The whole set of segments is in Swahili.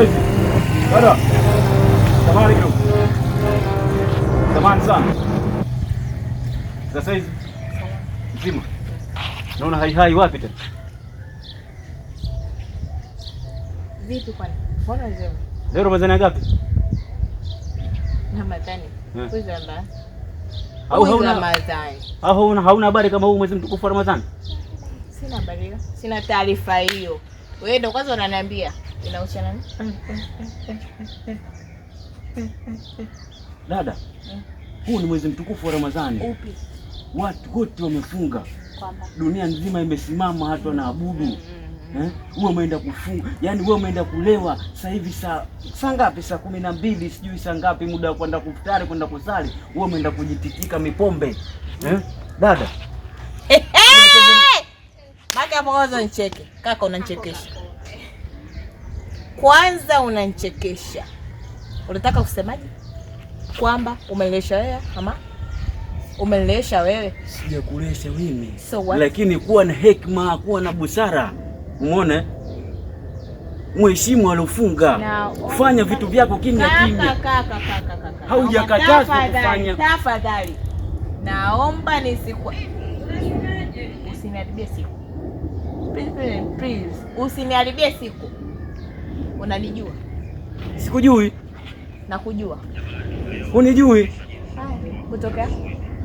hivi. Dada. Samahani kidogo. Samahani sana. Sasa hizi mzima. Naona hai hai wapi tena? Vipi kwani? Mbona Leo Ramadhani ngapi? Ramadhani. Eh. Au hauna Ramadhani. Au hauna hauna habari kama huu mwezi mtukufu wa Ramadhani? Sina habari. Sina taarifa hiyo. Wewe ndio kwanza unaniambia. Inahusiana na Dada, mm. huu ni mwezi mtukufu wa Ramadhani. Upi? Watu wote wamefunga, dunia nzima imesimama, hata mm, wanaabudu mm -hmm. Eh, wewe umeenda kufunga, yaani wewe umeenda kulewa sasa hivi saa saa ngapi? Saa kumi na mbili sijui saa ngapi, muda wa kwenda kufutari kwenda kusali, wewe umeenda kujitikika mipombe eh? Dada Maka Mwazo, ncheke kaka, unanchekesha kwanza unanchekesha, Unataka kusemaje? Kwamba umelesha wewe ama umelesha wewe? Sijakulesha mimi. So Lakini kuwa na hekima, kuwa na busara, umeona mheshimu alofunga fanya vitu vyako kimya kimya, haujakatazwa kufanya. Tafadhali naomba nisiku usiniharibie siku, please, please, usiniharibie siku Unanijua? Sikujui. Nakujua. Unijui? Kutoka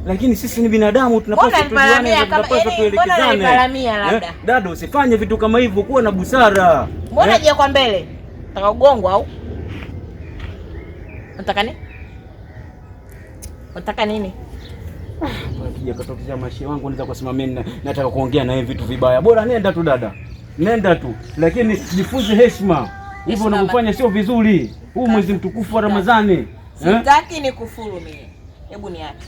lakini sisi ni binadamu, tunapaswa tujuane, tunapaswa tuelekezane. Eh, dada, usifanye vitu kama hivyo, kuwa na busara. Mbona eh? je kwa mbele nataka ugongwa au nataka nini? Nataka nini? Ah, kija katokea maisha wangu, naweza kusema nataka kuongea naye vitu vibaya. Bora nenda tu dada, nenda tu, lakini jifunze heshima hivi unavyofanya sio vizuri. Huu mwezi mtukufu wa Ramadhani eh? sitaki ni kufuru mimi, hebu niache.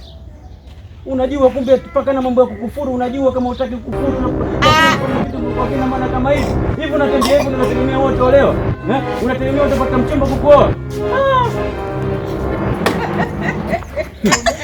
Unajua kumbe mpaka na mambo ya kukufuru unajua, kama utaki kukufuru na ah! maana kama hivi hivi unatembea hivi, unategemea wote leo olewa, eh? unategemea utapata mchumba kukuoa ah!